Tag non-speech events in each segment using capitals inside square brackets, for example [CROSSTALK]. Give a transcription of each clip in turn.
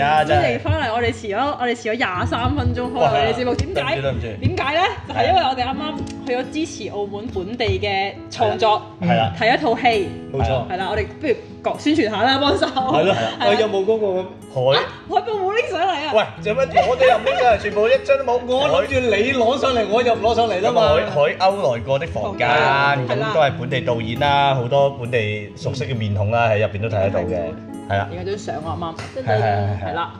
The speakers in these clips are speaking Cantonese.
歡迎翻嚟，我哋遲咗，我哋遲咗廿三分鐘。開我哋節目，點解？點解咧？就係因為我哋啱啱去咗支持澳門本地嘅創作，係啦，睇一套戲，冇錯，係啦，我哋不如講宣傳下啦，幫手。係咯，我有冇嗰個海？海報冇拎上嚟啊！喂，做乜？我哋又冇拎上嚟，全部一張都冇。我諗住你攞上嚟，我又唔攞上嚟啦嘛。海海鷗來過的房間，咁都係本地導演啦，好多本地熟悉嘅面孔啦，喺入邊都睇得到嘅。係啦，影咗張相我阿媽，係係係啦。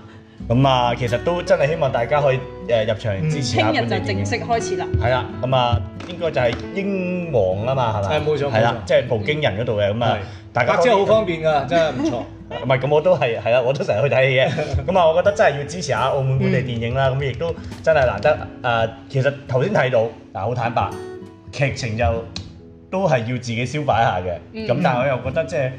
咁啊，其實都真係希望大家可以誒入場支持。聽日就正式開始啦。係啦，咁啊，應該就係英皇啊嘛，係咪？係冇錯。係啦，即係葡京人嗰度嘅。咁啊，大家真係好方便㗎，真係唔錯。唔係，咁我都係係啦，我都成日去睇戲嘅。咁啊，我覺得真係要支持下澳門本地電影啦。咁亦都真係難得誒。其實頭先睇到嗱，好坦白，劇情就都係要自己消化一下嘅。咁但係我又覺得即係。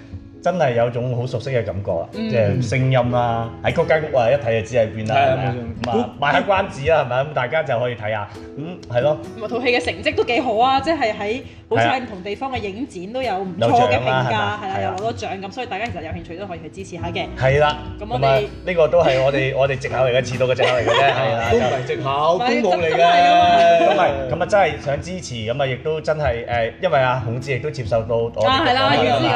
真係有種好熟悉嘅感覺啊！即係聲音啦，喺嗰間屋啊，一睇就知喺邊啦。係啊，冇錯。咁賣下關子啦，係咪？咁大家就可以睇下。咁係咯。咁啊，套戲嘅成績都幾好啊！即係喺好似喺唔同地方嘅影展都有唔錯嘅評價，係啦，又攞到獎咁，所以大家其實有興趣都可以去支持下嘅。係啦。咁我哋呢個都係我哋我哋藉口嚟嘅，遲到嘅藉口嚟嘅啫，係啦。都係藉口，都冇嚟嘅。都係。咁啊，真係想支持咁啊，亦都真係誒，因為啊，孔子亦都接受到我。啊，係啦，要支持。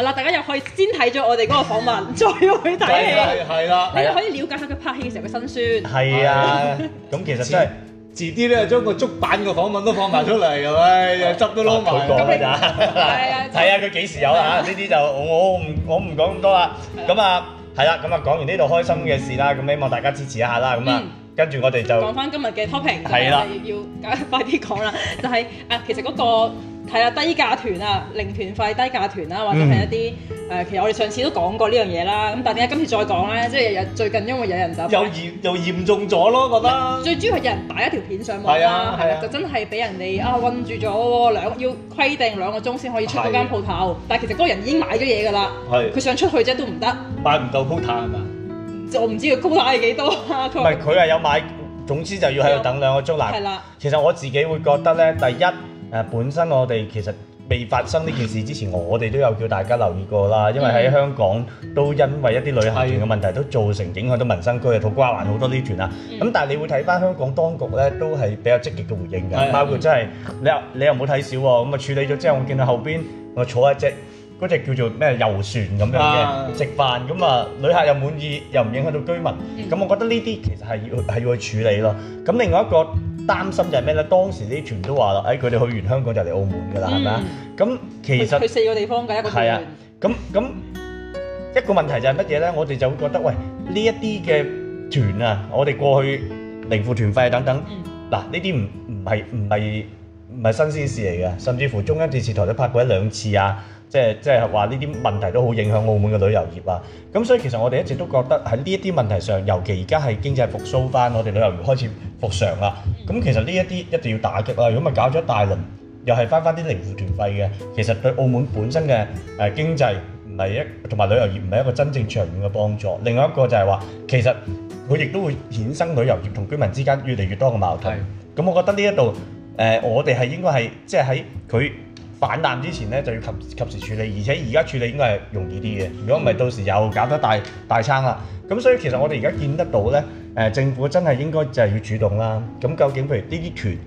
係啦，大家入。去先睇咗我哋嗰個訪問，再去睇戲，係啦，你又可以了解下佢拍戲嘅時候嘅辛酸。係啊，咁其實真係，遲啲咧將個竹板嘅訪問都放埋出嚟，唉，又執都攞埋。佢講㗎咋？係啊，睇下佢幾時有啊？呢啲就我唔，我唔講咁多啦。咁啊，係啦，咁啊講完呢度開心嘅事啦，咁希望大家支持一下啦。咁啊，跟住我哋就講翻今日嘅 topic，係啦，要快啲講啦，就係啊，其實嗰個。係啊，低價團啊，零團費低價團啦，或者係一啲誒，其實我哋上次都講過呢樣嘢啦。咁但係點解今次再講咧？即係日日最近因為有人走又嚴又嚴重咗咯，覺得最主要係有人擺一條片上網啦，係啦，就真係俾人哋啊韞住咗兩要規定兩個鐘先可以出嗰間鋪頭，但係其實嗰個人已經買咗嘢㗎啦，係佢想出去啫都唔得，擺唔夠鋪塔係嘛？即係我唔知佢鋪塔係幾多，佢唔係佢係有買，總之就要喺度等兩個鐘啦。係啦，其實我自己會覺得咧，第一。本身我哋其實未發生呢件事之前，我哋都有叫大家留意過啦。因為喺香港都因為一啲旅行團嘅問題，都造成影響到民生區啊，土瓜灣好多呢團啊。咁、嗯、但係你會睇翻香港當局呢，都係比較積極嘅回應㗎，的包括真係你又你又唔好睇少喎。咁啊處理咗之後，我見到後面我坐一隻。嗰隻叫做咩遊船咁樣嘅食飯咁啊，旅客又滿意又唔影響到居民，咁我覺得呢啲其實係要係要去處理咯。咁另外一個擔心就係咩呢？當時啲團都話啦，誒佢哋去完香港就嚟澳門㗎啦，係咪啊？咁其實佢四個地方㗎一個團。係啊，咁咁一個問題就係乜嘢呢？我哋就會覺得喂呢一啲嘅團啊，我哋過去零負團費等等嗱，呢啲唔唔係唔係唔係新鮮事嚟嘅，甚至乎中央電視台都拍過一兩次啊。即係即係話呢啲問題都好影響澳門嘅旅遊業啊！咁所以其實我哋一直都覺得喺呢一啲問題上，尤其而家係經濟復甦翻，我哋旅遊業開始復常啦。咁其實呢一啲一定要打擊啦、啊。如果咪搞咗大輪，又係翻翻啲零負團費嘅，其實對澳門本身嘅誒經濟唔係一，同埋旅遊業唔係一個真正長遠嘅幫助。另外一個就係話，其實佢亦都會衍生旅遊業同居民之間越嚟越多嘅矛盾。咁是我覺得呢一度誒，我哋係應該係即係喺佢，就是泛濫之前咧就要及及時處理，而且而家處理應該係容易啲嘅。如果唔係，到時又搞得大大餐啦。咁所以其實我哋而家見得到咧，誒政府真係應該就係要主動啦。咁究竟譬如呢啲權，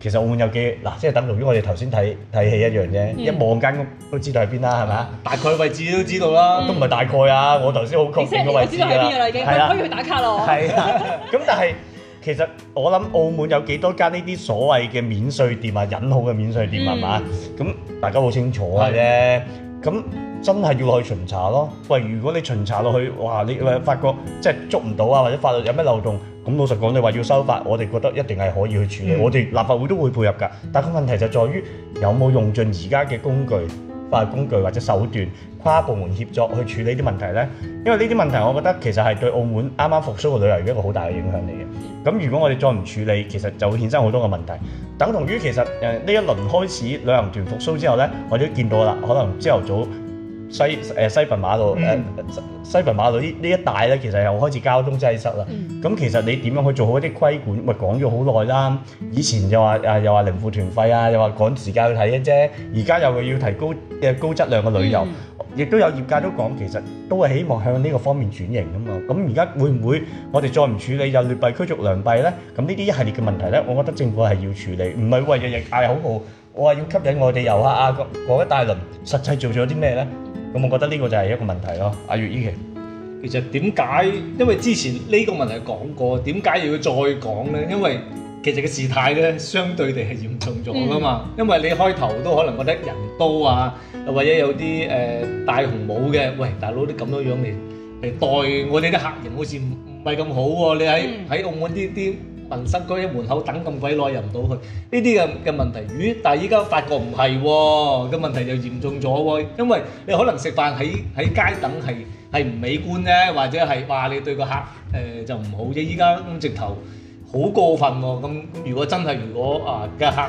其實澳門有幾嗱，即係等同於我哋頭先睇睇戲一樣啫，嗯、一望間都知道喺邊啦，係咪啊？大概位置都知道啦，嗯、都唔係大概啊。我頭先好確定個位置啦，係啦，啊、可以去打卡咯。係，咁但係。其實我諗澳門有幾多間呢啲所謂嘅免稅店啊，引號嘅免稅店係嘛？咁、嗯、大家好清楚嘅、啊、啫。咁的真係要去巡查咯。喂，如果你巡查落去，哇，你咪發覺即係捉唔到啊，或者法律有咩漏洞？咁老實講，你話要修法，我哋覺得一定係可以去處理。嗯、我哋立法會都會配合㗎。但個問題就在於有冇用盡而家嘅工具。化工具或者手段，跨部門協作去處理啲問題呢，因為呢啲問題我覺得其實係對澳門啱啱復甦嘅旅遊一個好大嘅影響嚟嘅。咁如果我哋再唔處理，其實就會衍生好多嘅問題。等同於其實誒呢一輪開始旅行團復甦之後呢，我都見到啦，可能朝頭早。西誒西墳馬路誒、嗯、西墳馬路呢呢一帶咧，其實又開始交通擠塞啦。咁、嗯、其實你點樣去做好一啲規管？咪講咗好耐啦。以前就話誒，又話零負團費啊，又話趕時間去睇嘅啫。而家又話要提高誒高質量嘅旅遊，亦都、嗯、有業界都講其實都係希望向呢個方面轉型噶嘛。咁而家會唔會我哋再唔處理就劣幣驅逐良幣咧？咁呢啲一系列嘅問題咧，我覺得政府係要處理，唔係話日日嗌口號，我話要吸引我哋遊客啊，咁一大輪實際做咗啲咩咧？咁我覺得呢個就係一個問題咯，阿、啊、月依期。以其實點解？因為之前呢個問題講過，點解又要再講咧？嗯、因為其實個事態咧，相對地係嚴重咗噶嘛。嗯、因為你開頭都可能覺得人多啊，又或者有啲誒戴紅帽嘅，喂大佬啲咁樣樣嚟嚟待我哋啲客人，好似唔唔係咁好喎、啊。你喺喺、嗯、澳門啲啲。民生居門口等咁鬼耐入唔到去，呢啲咁嘅問題，咦？但係依家發覺唔係喎，個問題就嚴重咗喎，因為你可能食飯喺喺街等係係唔美觀啫，或者係話你對個客誒就唔好啫。依家咁直頭好過分喎，咁如果真係如果啊嘅客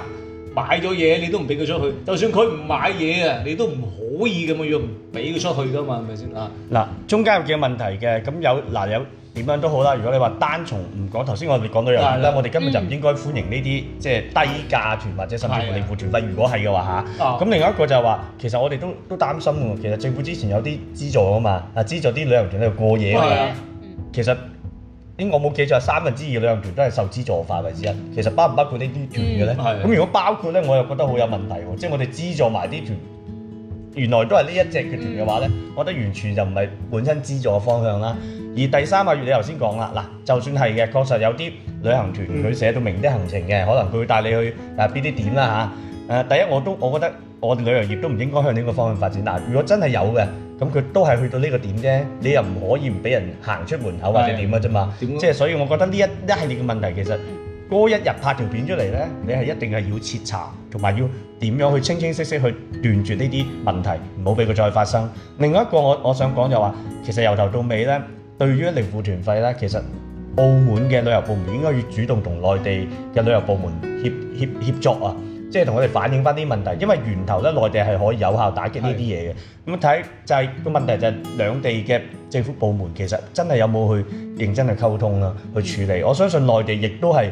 買咗嘢，你都唔俾佢出去，就算佢唔買嘢啊，你都唔可以咁樣樣俾佢出去噶嘛，係咪先啊？嗱，中間有幾個問題嘅，咁有嗱有。點樣都好啦，如果你話單從唔講頭先，我哋講到樣啦，的我哋根本就唔應該歡迎呢啲、嗯、即係低價團或者甚至乎你付團費。的如果係嘅話嚇，咁、哦、另外一個就係話，其實我哋都都擔心喎。其實政府之前有啲資助啊嘛，啊資助啲旅遊團喺度過夜嘅，的嗯、其實應我冇記錯，三分之二旅遊團都係受資助範圍之一。其實包唔包括團呢啲團嘅咧？咁、嗯、如果包括咧，我又覺得好有問題喎。即係我哋資助埋啲團。的的原來都係呢一隻團嘅話呢、嗯、我覺得完全就唔係本身資助嘅方向啦。而第三個月你頭先講啦，嗱，就算係嘅，確實有啲旅行團佢寫到明啲行程嘅，可能佢會帶你去誒邊啲點啦、啊、嚇、啊。第一我都我覺得我哋旅遊業都唔應該向呢個方向發展。嗱、呃，如果真係有嘅，咁佢都係去到呢個點啫，你又唔可以唔俾人行出門口或者點嘅啫嘛。嗯、即係是、嗯、所以，我覺得呢一一系列嘅問題其實嗰一日拍條片出嚟呢，你係一定係要徹查同埋要。點樣去清清晰晰去斷絕呢啲問題，唔好俾佢再發生。另外一個我我想講就話，其實由頭到尾呢，對於零負團費呢，其實澳門嘅旅遊部門應該要主動同內地嘅旅遊部門協協協作啊，即係同佢哋反映翻啲問題，因為源頭呢內地係可以有效打擊呢啲嘢嘅。咁睇就係個問題就係兩地嘅政府部門其實真係有冇去認真去溝通啊，去處理。我相信內地亦都係。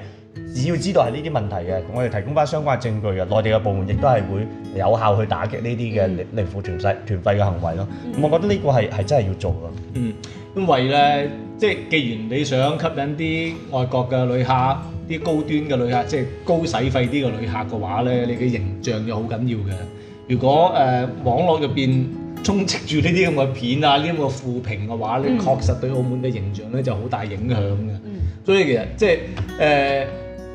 只要知道係呢啲問題嘅，我哋提供翻相關嘅證據嘅，內地嘅部門亦都係會有效去打擊呢啲嘅零零負團費團費嘅行為咯。嗯、我覺得呢個係係、嗯、真係要做嘅。嗯，因為咧，即係既然你想吸引啲外國嘅旅客，啲高端嘅旅客，即係高使費啲嘅旅客嘅話咧，你嘅形象又好緊要嘅。如果誒、呃、網絡入邊充斥住呢啲咁嘅片啊，呢啲咁嘅負評嘅話咧，嗯嗯、確實對澳門嘅形象咧就好大影響嘅。嗯、所以其實即係誒。呃呃呃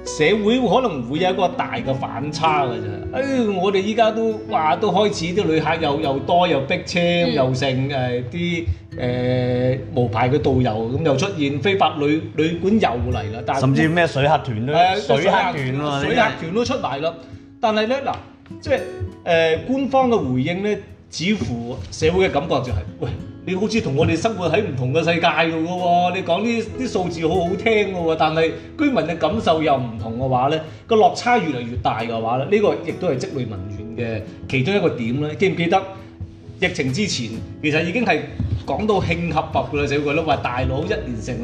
社會可能會有一個大嘅反差㗎啫，誒，我哋依家都話都開始啲旅客又又多又逼車又剩，誒啲誒無牌嘅導遊咁又出現，非法旅旅館又嚟啦，甚至咩水客團都水客團喎，水客團都出埋啦，但係咧嗱，即係誒官方嘅回應咧，似乎社會嘅感覺就係喂。你好似同我哋生活喺唔同嘅世界度嘅喎，你講啲啲數字好好聽嘅喎，但係居民嘅感受又唔同嘅話咧，個落差越嚟越大嘅話咧，呢個亦都係積累民怨嘅其中一個點咧。記唔記得疫情之前其實已經係講到慶合服嘅啦，成個碌埋大佬一連成。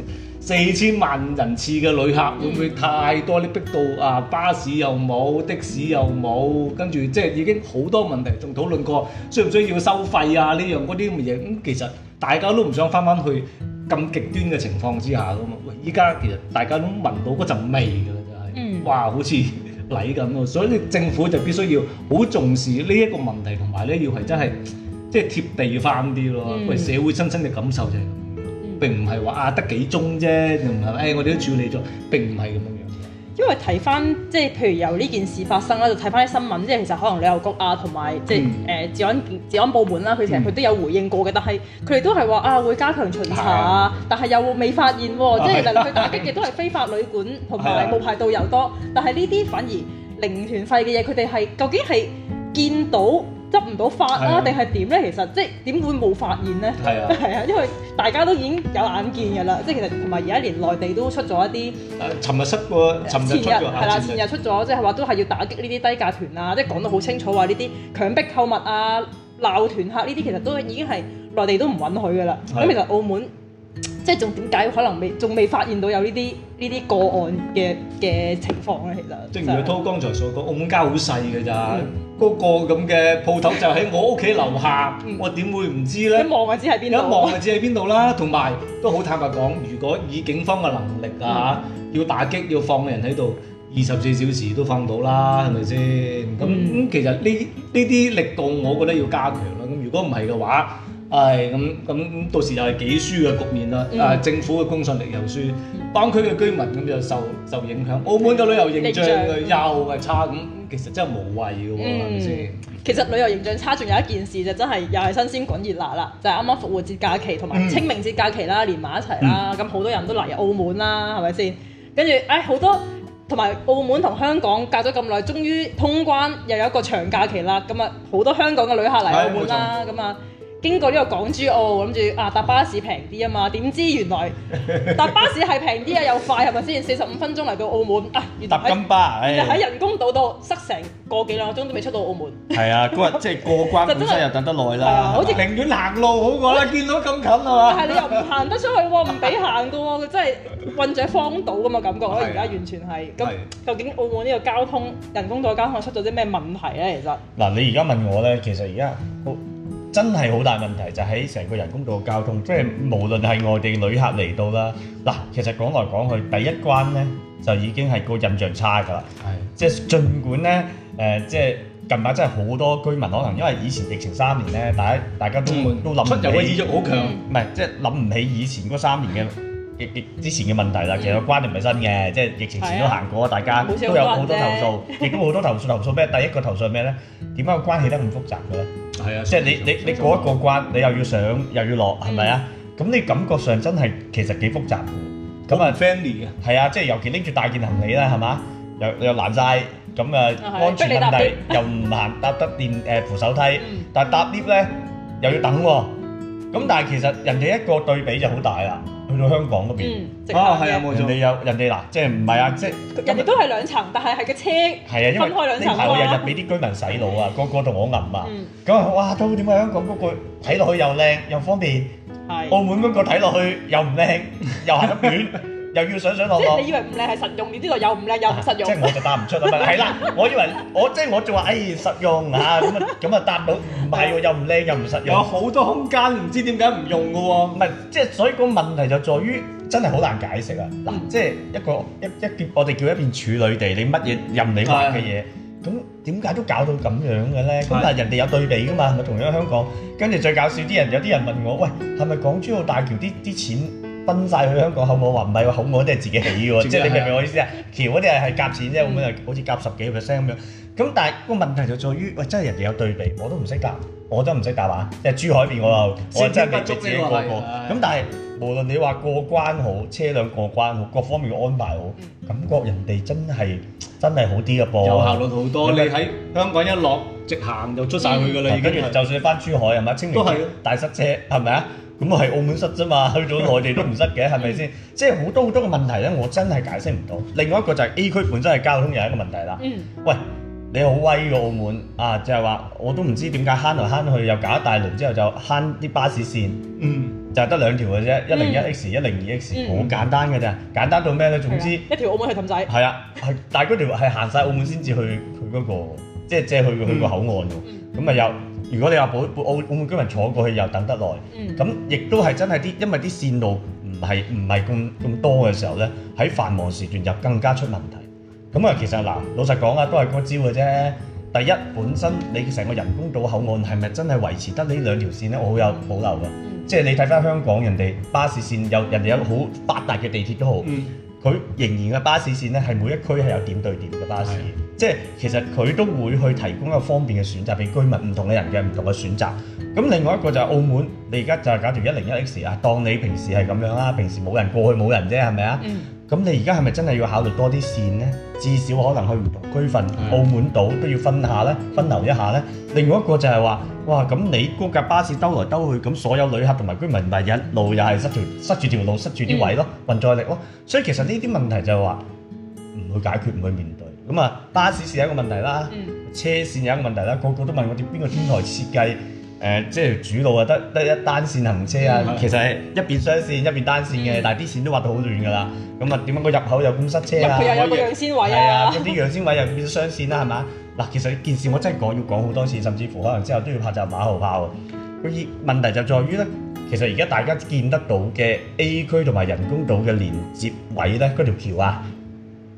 四千萬人次嘅旅客、嗯、會唔會太多你逼到啊，巴士又冇，的士又冇，跟住即係已經好多問題仲討論過，需唔需要收費啊？呢樣嗰啲咁嘅嘢，咁、嗯、其實大家都唔想翻翻去咁極端嘅情況之下噶嘛。喂、嗯，依家其實大家都聞到嗰陣味㗎，真、就、係、是，哇，好似泥咁咯。所以政府就必須要好重視呢一個問題，同埋咧要係真係即係貼地翻啲咯。喂、嗯，社會親身嘅感受就係、是。並唔係話壓得幾宗啫，又唔係誒，我哋都處理咗。並唔係咁樣。因為睇翻即係譬如由呢件事發生啦，就睇翻啲新聞，即係其實可能旅遊局啊，同埋即係誒治安治安部門啦、啊，佢成日佢都有回應過嘅，但係佢哋都係話啊，會加強巡查啊，的但係又未發現、啊、的即係嚟去打擊嘅都係非法旅館同埋無牌導遊多，的但係呢啲反而零團費嘅嘢，佢哋係究竟係見到？執唔到法啊，定係點咧？其實即係點會冇發現咧？係啊，係啊，因為大家都已經有眼見㗎啦。即係其實同埋而家連內地都出咗一啲，尋日出過，前日係啦、啊，前日出咗、啊，即係話都係要打擊呢啲低價團啊，即係講得好清楚話呢啲強迫購物啊、鬧團客呢啲，其實都已經係內地都唔允許㗎啦。咁其實澳門。即係仲點解可能未仲未發現到有呢啲呢啲個案嘅嘅情況咧？其實正如阿滔、就是、剛才所講，澳門街好細㗎咋，嗰、嗯、個咁嘅鋪頭就喺我屋企樓下，嗯、我點會唔知咧？一望咪知喺邊度啦，一望咪知喺邊度啦。同埋 [LAUGHS] 都好坦白講，如果以警方嘅能力啊、嗯、要打擊要放人喺度，二十四小時都放到啦，係咪先？咁咁其實呢呢啲力度，我覺得要加強啦。咁如果唔係嘅話，係咁咁到時又係幾輸嘅局面啦。誒、嗯啊，政府嘅公信力又輸，當區嘅、嗯、居民咁就受受影響。澳門嘅旅遊形象、嗯、又係差，咁其實真係無謂嘅喎，嗯、係咪先？其實旅遊形象差，仲有一件事就真係又係新鮮滾熱辣啦，就係啱啱復活節假期同埋清明節假期啦，嗯、連埋一齊啦。咁好、嗯、多人都嚟澳門啦，係咪先？跟住誒好多同埋澳門同香港隔咗咁耐，終於通關，又有一個長假期啦。咁啊，好多香港嘅旅客嚟澳門啦，咁啊。哎經過呢個港珠澳，諗住啊搭巴士平啲啊嘛，點知原來搭巴士係平啲啊，又快係咪先？四十五分鐘嚟到澳門啊！越搭金巴喺、哎、人工島度塞成個幾兩個鐘都未出到澳門。係啊，嗰日即係過關本身 [LAUGHS] 的又等得耐啦、啊，好似吧寧願行路好過啦，見到咁近係、啊、嘛？但係你又唔行得出去喎，唔俾行嘅喎，佢 [LAUGHS] 真係困咗荒島嘅嘛感覺。而家、啊、完全係究竟澳門呢個交通人工島交通出咗啲咩問題咧？其實嗱、啊，你而家問我咧，其實而家，好真係好大問題，就喺、是、成個人工島嘅交通，即係無論係外地旅客嚟到啦。嗱，其實講來講去，第一關呢，就已經係個印象差㗎啦。係的，即係儘管呢，誒、呃，即、就、係、是、近排真係好多居民可能因為以前疫情三年呢，大家大家都都諗唔起，嗯、出遊意欲好強，唔係即係諗唔起以前嗰三年嘅。疫疫之前嘅問題啦，其實關聯唔係新嘅，即係疫情前都行過啊，大家都有好多投訴，亦都好多投訴。投訴咩？第一個投訴係咩咧？點解個關係得咁複雜嘅咧？係啊，即係你你你過一個關，你又要上又要落，係咪啊？咁你感覺上真係其實幾複雜嘅。咁啊，fancy 嘅。係啊，即係尤其拎住大件行李啦，係嘛？又又難曬，咁啊，安全問題又唔難搭得電誒扶手梯，但係搭 lift 咧又要等喎。咁但係其實人哋一個對比就好大啦，去到香港嗰邊、嗯、啊係啊冇錯，人哋有人哋嗱，即係唔係啊，即係、啊、人哋都係兩層，但係係個車，係啊，因為啲樓日日俾啲居民洗腦啊，個個同我吟啊，咁啊哇都點解香港嗰、嗰個睇落去又靚又方便，是澳門嗰個睇落去又唔靚 [LAUGHS] 又係咁短。 [LAUGHS] 又要上上落落，你以為唔靚係實用，你知道又唔靚又唔實用。即係我就答唔出啊嘛，係啦，我以為我即係我仲話，哎，實用嚇，咁啊咁啊答到，唔係喎，又唔靚又唔實用。有好多空間，唔知點解唔用噶喎。唔係，即係所以個問題就在於，真係好難解釋啊！嗱，即係一個一一我哋叫一片處女地，你乜嘢任你畫嘅嘢，咁點解都搞到咁樣嘅咧？咁啊，人哋有對比噶嘛，我同樣係香港，跟住最搞笑啲人，有啲人問我，喂，係咪港珠澳大橋啲啲錢？分曬去香港好唔好？話唔係話好，我都係自己起喎，即係你明唔明我意思啊？橋嗰啲係係夾錢啫，咁樣好似夾十幾個 percent 咁樣。咁但係個問題就在於，喂，真係人哋有對比，我都唔識夾，我都唔識打嘛。即係珠海邊，我又我又真係未自己過過。咁但係無論你話過關好，車輛過關好，各方面安排好，感覺人哋真係真係好啲嘅噃。有效率好多，你喺香港一落，直行就出曬去㗎啦。跟住就算你翻珠海係咪？清明都係大塞車係咪啊？咁啊，係澳門塞啫嘛，去到內地都唔塞嘅，係咪先？嗯、即係好多好多嘅問題咧，我真係解釋唔到。另外一個就係 A 區本身係交通又一個問題啦。嗯。喂，你好威個澳門啊！就係、係、話我都唔知點解慳嚟慳去，又搞一大輪之後就慳啲巴士線。嗯。就係得兩條嘅啫，一零一 X、一零二 X，好、嗯嗯、簡單嘅啫，簡單到咩咧？總之一條澳門係氹仔。係啊，係，但係嗰條係行晒澳門先至去佢嗰、嗰個，即係即係去、嗰個、去個口岸喎。嗯，嗯。咁啊又。如果你話部澳澳門居民坐過去又等得耐，咁亦、嗯、都係真係啲，因為啲線路唔係唔係咁咁多嘅時候呢，喺繁忙時段又更加出問題。咁啊，其實嗱，老實講啊，都係嗰招嘅啫。第一，本身你成個人工島口岸係咪真係維持得呢兩條線呢？我好有保留㗎。即係你睇翻香港人哋巴士線有，人哋有好發達嘅地鐵都好。嗯佢仍然嘅巴士線咧，係每一區係有點對點嘅巴士，的即係其實佢都會去提供一個方便嘅選擇俾居民的的，唔同嘅人嘅唔同嘅選擇。咁另外一個就係澳門，你而家就係搞條一零一 X 啊，當你平時係咁樣啦，平時冇人過去冇人啫，係咪啊？嗯咁你而家係咪真係要考慮多啲線呢？至少可能去唔同區份、澳門島都要分下呢，分流一下呢。另外一個就係話，哇！咁你嗰架巴士兜來兜去，咁所有旅客同埋居民咪一路又係塞條塞住條路，塞住啲位咯，運載力咯。所以其實呢啲問題就係話唔去解決，唔去面對。咁啊，巴士線有一個問題啦，車線有一個問題啦，個個都問我哋邊個天台設計。誒即係主路啊，得得一單線行車啊，其實係一邊雙線一邊單線嘅，但係啲線都畫到好亂㗎啦。咁啊，點解個入口又咁塞車啊？佢又有個讓先位啊！係啊，啲讓先位又變咗雙線啦，係嘛？嗱，其實件事我真係講要講好多次，甚至乎可能之後都要拍集馬後炮。佢問題就在於咧，其實而家大家見得到嘅 A 區同埋人工島嘅連接位咧，嗰條橋啊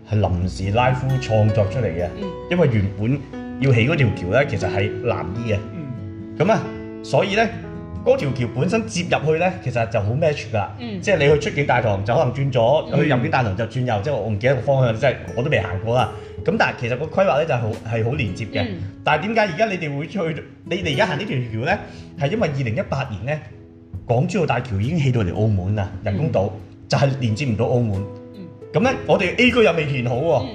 係臨時拉夫創作出嚟嘅，因為原本要起嗰條橋咧，其實係藍衣嘅。咁啊，所以咧，嗰條橋本身接入去咧，其實就好 match 噶，即係你去出境大堂就可能轉左，去入境大堂就轉右，即係我唔記得個方向，即係我都未行過啦。咁但係其實個規劃咧就係好係好連接嘅。但係點解而家你哋會去？你哋而家行呢條橋咧，係因為二零一八年咧，港珠澳大橋已經起到嚟澳門啦，人工島就係連接唔到澳門。咁咧，我哋 A 區又未填好喎。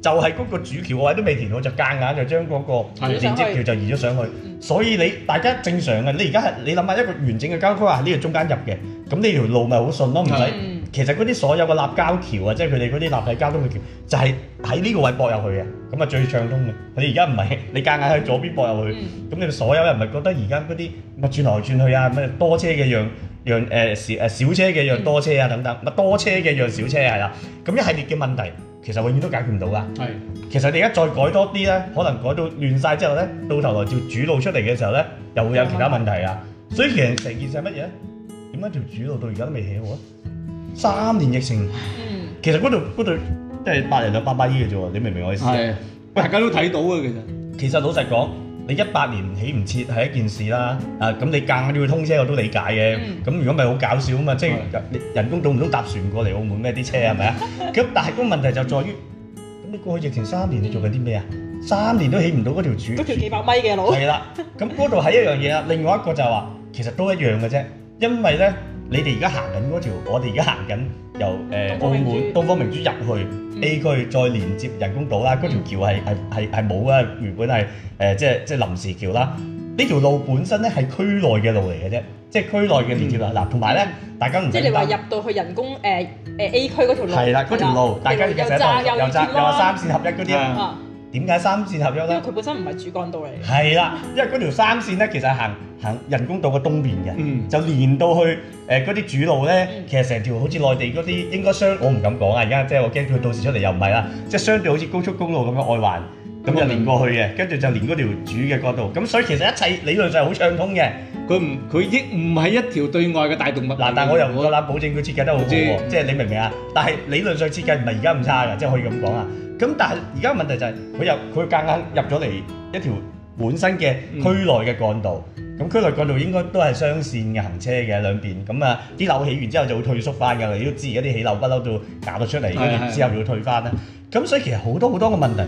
就係嗰個主橋位都未填好，就夾硬就將嗰個連接橋就移咗上去。嗯、所以你大家正常嘅，你而家你諗下一個完整嘅郊區啊，喺呢度中間入嘅，咁呢條路咪好順咯，唔使。嗯、其實嗰啲所有嘅立交橋啊，即係佢哋嗰啲立體交通嘅橋，就係喺呢個位駁入去嘅，咁啊最暢通嘅。你而家唔係你夾硬喺左邊駁入去，咁、嗯、你哋所有人咪覺得而家嗰啲咪轉來轉去啊，咩多車嘅樣。讓誒少誒少車嘅讓多車啊等等，咪多車嘅讓少車係啦，咁一系列嘅問題其實永遠都解決唔到㗎。係，其實你而家再改多啲咧，可能改到亂曬之後咧，到頭來條主路出嚟嘅時候咧，又會有其他問題啊。所以其實成件事係乜嘢？點解條主路到而家都未起好啊？三年疫情，其實嗰度嗰度即係百零兩百八億嘅啫喎，你明唔明我意思啊？係，大家都睇到啊其實。其實老實講。你一八年起唔切係一件事啦，啊咁、嗯、你間硬都要通車我都理解嘅，咁、嗯、如果咪好搞笑啊嘛，即係的人工島唔通搭船過嚟澳門咩啲車係咪啊？咁但係個問題就在於，咁你過去疫情三年你做緊啲咩啊？嗯、三年都起唔到嗰條主，嗰、嗯、條幾百米嘅路，係啦，咁嗰度係一樣嘢啦。 [LAUGHS] 另外一個就係話，其實都一樣嘅啫，因為咧你哋而家行緊嗰條，我哋而家行緊由澳門、呃、東方明珠入去。A 區再連接人工島啦，嗰條橋係係係冇啊，原本係誒即係即係臨時橋啦。呢條路本身咧係區內嘅路嚟嘅啫，即係區內嘅連接啦。嗱，同埋咧，大家唔知你話入到去人工誒誒 A 區嗰條路係啦，嗰條路大家亦一齊又窄又窄又話三線合一嗰啲啊。點解三線合約咧？ [LAUGHS] 因為佢本身唔係主幹道嚟。係啦，因為嗰條三線咧，其實行行人工島嘅東邊嘅，嗯、就連到去誒嗰啲主路咧，嗯、其實成條好似內地嗰啲應該相，我唔敢講啊，而家即係我驚佢到時出嚟又唔係啦，即、就、係、是、相對好似高速公路咁嘅外環，咁、嗯、就連過去嘅，跟住就連嗰條主嘅嗰度，咁所以其實一切理論上好暢通嘅，佢唔佢亦唔係一條對外嘅大動脈嗱、嗯，但係我又冇得攬保證佢設計得好，即係證你明唔明啊？但係理論上設計唔係而家咁差嘅，即、就、係、是、可以咁講啊。咁但係而家問題就係、是、佢又佢夾硬入咗嚟一條本身嘅區內嘅幹道，咁、嗯嗯、區內幹道應該都係雙線嘅行車嘅兩邊，咁啊啲樓起完之後就會退縮翻㗎啦，你都知而家啲起樓不嬲都搞到出嚟，跟住、嗯、之後就要退翻啦。咁、嗯、所以其實好多好多個問題，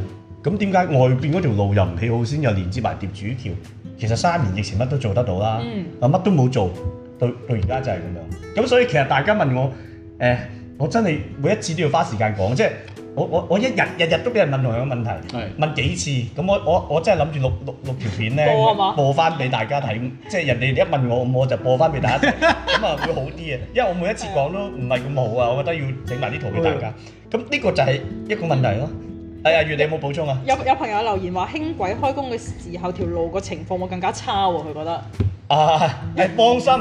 咁點解外邊嗰條路又唔起好先又連接埋疊柱橋？其實三年疫情乜都做得到啦，啊乜、嗯、都冇做，到到而家就係咁樣。咁所以其實大家問我，誒、欸、我真係每一次都要花時間講，即係。我我我一日日日都俾人問同樣嘅問題，問幾次，咁我我我真係諗住六六六條片咧播啊嘛，播翻俾大家睇，即係人哋一問我，我我就播翻俾大家睇，咁啊會好啲嘅，因為我每一次講都唔係咁好啊，我覺得要整埋啲圖俾大家。咁呢個就係一個問題咯。阿阿月，你有冇補充啊？有有朋友留言話輕軌開工嘅時候條路個情況會更加差喎，佢覺得。啊，你放心，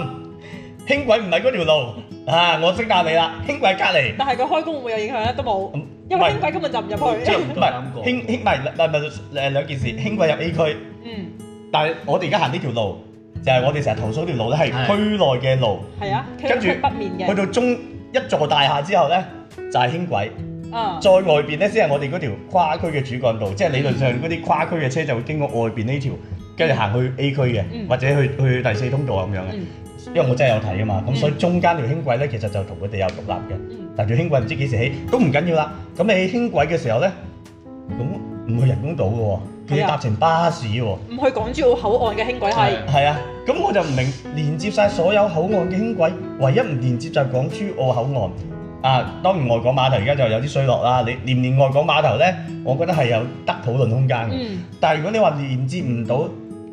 輕軌唔係嗰條路啊，我識架你啦，輕軌隔離。但係佢開工會唔會有影響咧？都冇。因為輕軌今日就唔入去咧，唔係輕輕唔係唔唔誒兩件事，輕軌入 A 區，嗯，但係我哋而家行呢條路，就係我哋成日投訴嗰條路咧，係區內嘅路，係啊，跟住北面嘅去到中一座大廈之後咧，就係輕軌，嗯，在外邊咧先係我哋嗰條跨區嘅主幹道，即係理論上嗰啲跨區嘅車就會經過外邊呢條，跟住行去 A 區嘅，或者去去第四通道咁樣嘅，因為我真係有睇啊嘛，咁所以中間條輕軌咧其實就同佢哋有獨立嘅。但係輕軌唔知幾時起，都唔緊要啦。咁你輕軌嘅時候咧，咁唔去人工島嘅喎，佢要搭乘巴士喎。唔去港珠澳口岸嘅輕軌係。係啊，咁我就唔明連接晒所有口岸嘅輕軌，唯一唔連接就係港珠澳口岸。啊，當然外港碼頭而家就有啲衰落啦。你連連外港碼頭咧，我覺得係有得討論空間嘅。嗯。但係如果你話連接唔到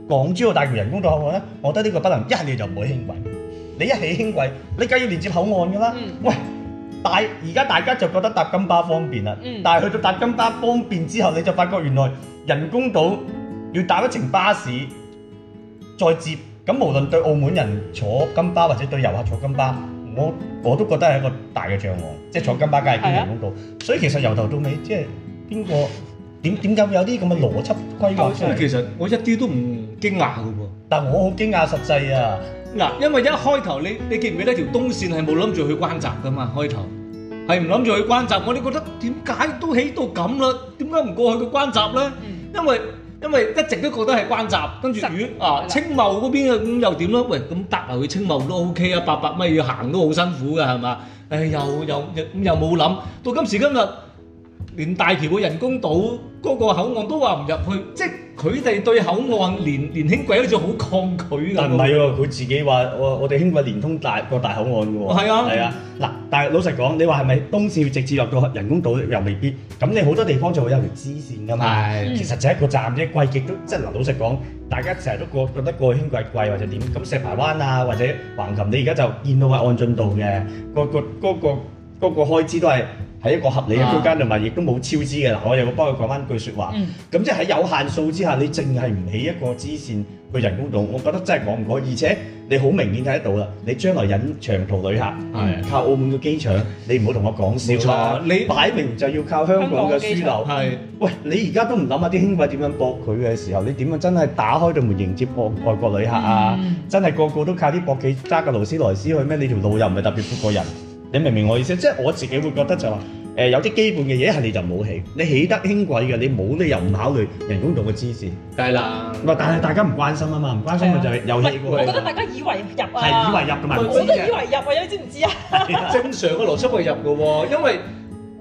港珠澳大橋人工島口岸咧，我覺得呢個不能一係你就唔會輕軌，你一起輕軌，你梗要連接口岸㗎啦。嗯。喂。但而家大家就覺得搭金巴方便啦，嗯、但係去到搭金巴方便之後，你就發覺原來人工島要搭一程巴士再接，咁無論對澳門人坐金巴或者對遊客坐金巴，我我都覺得係一個大嘅障礙，嗯、即係坐金巴梗係經人工島。嗯、所以其實由頭到尾，即係邊個點點解會有啲咁嘅邏輯規劃、就是、其實我一啲都唔驚訝嘅喎，但係我好驚訝實際啊！嗱，因為一開頭你你記唔記得條東線係冇諗住去關閘嘅嘛？開頭係唔諗住去關閘？我哋覺得點解都起到咁啦？點解唔過去個關閘咧、嗯？因為一直都覺得係關閘，跟住、嗯、啊青茂嗰邊、嗯、又點咯？喂，咁搭埋去青茂都 OK 啊，八百米要行都好辛苦嘅係嘛？又又咁又冇諗，到今時今日。連大橋嘅人工島嗰個口岸都話唔入去，即係佢哋對口岸連連輕軌好似好抗拒㗎。唔係喎，佢自己話我我哋輕軌連通大個大口岸嘅喎。係啊，係啊。嗱，但係老實講，你話係咪東線直接落到人工島又未必？咁你好多地方就會有條支線㗎嘛。係，其實就一個站啫。貴極都即係嗱，老實講，大家成日都覺覺得過輕軌貴或者點？咁石排灣啊，或者橫琴，你而家就見到係按進度嘅，個個嗰個嗰個開支都係。喺一個合理嘅區間同埋亦都冇超支嘅。我有冇幫佢講翻句説話？咁、嗯、即係喺有限數之下，你淨係唔起一個支線去人工島，我覺得真係講唔過。而且你好明顯睇得到啦，你將來引長途旅客，嗯、靠澳門嘅機場，嗯、你唔好同我講笑啦。冇錯。你擺明就要靠香港嘅樞紐。係。喂，你而家都唔諗下啲輕軌點樣駁佢嘅時候，你點樣真係打開對門迎接外外國旅客啊？嗯嗯、真係個個都靠啲博企揸架勞斯萊斯去咩？你條路又唔係特別闊過人。你明唔明我意思？即係我自己會覺得就話誒有啲基本嘅嘢，一係你就冇起，你起得輕軌嘅，你冇理由唔考慮人工島嘅知識。係啦，唔係但係大家唔關心啊嘛，唔關心咪就係又起過嚟。我覺得大家以為入啊，係以為入嘅嘛，我都以為入啊，你知唔知啊？正常嘅邏輯會入嘅喎，因為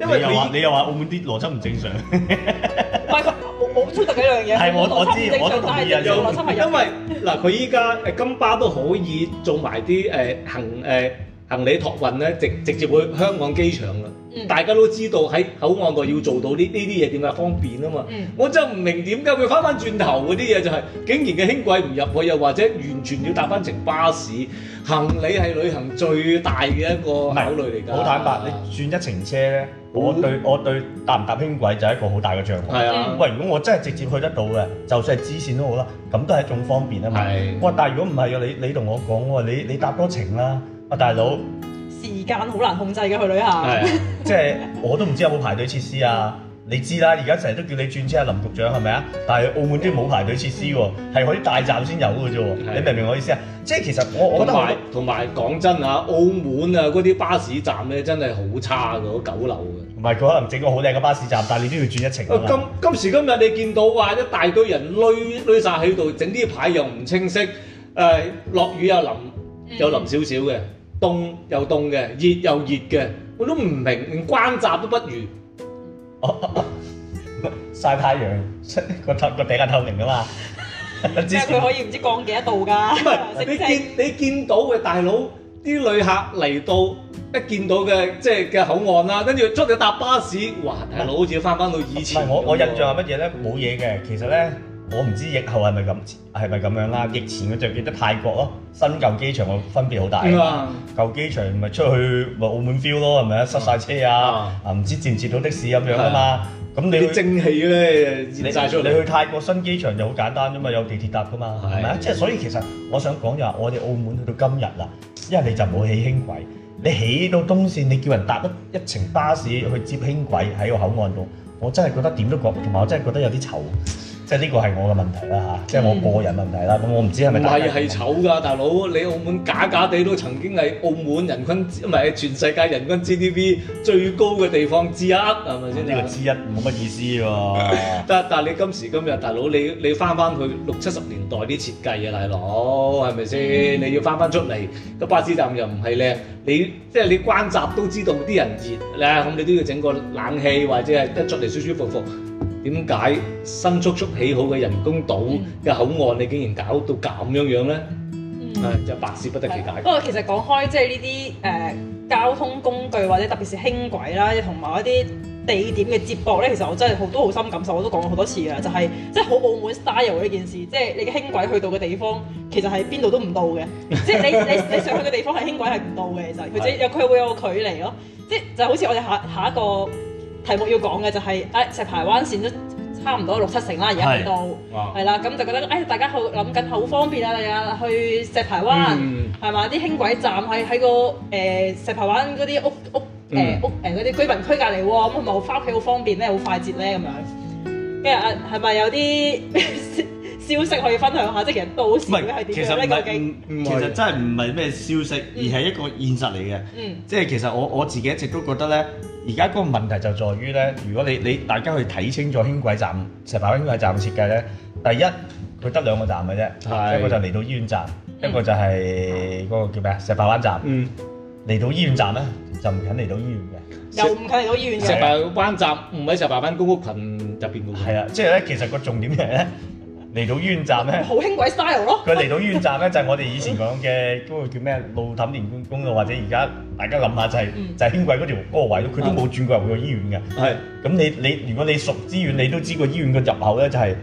因為佢。你又話澳門啲邏輯唔正常？唔係佢冇冇出特幾樣嘢，係我我知，我同意嘅。因為嗱，佢依家誒金巴都可以做埋啲誒行誒。行李託運咧，直直接去香港機場啦。嗯、大家都知道喺口岸度要做到呢呢啲嘢，點解方便啊嘛？嗯、我真唔明點解會翻返轉頭嗰啲嘢，就係竟然嘅輕軌唔入去，又或者完全要搭翻程巴士。行李係旅行最大嘅一個考慮嚟㗎。好、嗯、坦白，你轉一程車咧，我對、嗯、我對搭唔搭輕軌就係一個好大嘅障礙。嗯啊、喂，如果我真係直接去得到嘅，就算係支線都好啦，咁都係一種方便啊嘛。喂的、哦，但係如果唔係你你同我講，你你搭多，多程啦。啊，大佬，時間好難控制嘅去旅行，啊、 [LAUGHS] 即係我都唔知有冇排隊設施啊！你知啦，而家成日都叫你轉車，林局長係咪啊？但係澳門都冇排隊設施喎，係嗰啲大站先有嘅啫，嗯、你明唔明我意思啊？即係其實我，有我覺得同埋講真啊，澳門啊嗰啲巴士站咧真係好差嘅，好九流嘅。唔係佢可能整個好靚嘅巴士站，但係你都要轉一程、 [LAUGHS] 啊、今今，今時今日你見到話一大堆人攏攏曬喺度，整啲牌又唔清晰，誒、呃、落雨又淋，又淋少少嘅。凍又凍嘅，熱又熱嘅，我都唔明，連關閘都不如。唔曬 [LAUGHS] 太陽陽，個透個比較透明噶嘛。即係佢可以唔知降幾多度噶。 [LAUGHS] 你見你見到嘅大佬啲旅客嚟到一見到嘅即係嘅口岸啦，跟住出到搭巴士，哇大佬好似翻翻到以前。 [LAUGHS] 我我印象係乜嘢咧？冇嘢嘅，其實咧。我唔知疫後係咪咁係咪咁樣啦？疫、嗯、前我就記得泰國咯，新舊機場我分別好大啊嘛。嗯、舊機場咪出去咪、就是、澳門 feel 咯，係咪啊？塞晒車啊啊！唔、嗯、知接唔接到的士咁、嗯、樣噶嘛？咁、嗯、你蒸汽咧，你去泰國新機場就好簡單啫嘛，嗯、有地鐵搭噶嘛，係咪啊？即係是是所以其實我想講就係我哋澳門去到今日啦，因為你就冇起輕軌，你起到東線，你叫人搭一一程巴士去接輕軌喺個口岸度，我真係覺得點都焗，同埋我真係覺得有啲醜。即係呢個係我嘅問題啦嚇，即係我個人問題啦。咁、嗯、我唔知係咪？唔係係醜㗎，大佬，你澳門假假地都曾經係澳門人均唔係全世界人均 GDP 最高嘅地方之一，係咪先？呢、嗯呢個之一冇乜意思喎、啊。 [LAUGHS] 但但係你今時今日，大佬你你翻翻去六七十年代啲設計啊，大佬係咪先？嗯、你要翻翻出嚟，個巴士站又唔係靚，你即係你關閘都知道啲人熱啦，咁、啊、你都要整個冷氣或者係一入嚟舒舒服服。點解新速速起好嘅人工島嘅口岸，你竟然搞到咁樣樣咧？係、 [NOISE] [NOISE] 哎、就百思不得其解的。不過 [NOISE] 其實講開，即係呢啲誒交通工具或者特別是輕軌啦，同埋一啲地點嘅接駁咧，其實我真係都好深感受，我都講好多次啦，就係即係好澳門 style 呢件事，即係你嘅輕軌去到嘅地方，其實係邊度都唔到嘅，即係 [LAUGHS] 你你你想去嘅地方係輕軌係唔到嘅，就佢佢會有個距離咯，即係就好似我哋下下一個。題目要講嘅就係、是、誒、哎、石排灣線都差唔多六七成啦，而家去到係啦，咁就覺得誒、哎、大家好諗緊好方便啊！你啊去石排灣係嘛啲輕軌站喺喺個誒、呃、石排灣嗰啲屋屋誒、呃、屋誒嗰啲居民區隔籬喎，咁係咪翻屋企好方便咧？好快捷咧？咁樣、嗯，跟住啊係咪有啲？ [LAUGHS] 消息可以分享下，即係其實都好少，唔係其實唔，其實真係唔係咩消息，而係一個現實嚟嘅。嗯，即係其實我我自己一直都覺得咧，而家嗰個問題就在於咧，如果你你大家去睇清楚輕軌站石排灣輕軌站設計咧，第一佢得兩個站嘅啫，一個就嚟到醫院站，一個就係嗰個叫咩啊，石排灣站。嗯，嚟到醫院站咧就唔肯嚟到醫院嘅，又唔肯嚟到醫院，石排灣站唔喺石排灣公屋羣入邊嘅啊，即係咧，其實個重點係咧。嚟到醫院站咧，好輕軌 style 咯。佢嚟到醫院站咧，就係我哋以前講嘅嗰個叫咩路氹連公路，或者而家大家諗下就係就係輕軌嗰條嗰位佢都冇轉過入去個醫院嘅。係，咁你你如果你熟醫院，你都知個醫院個入口咧就係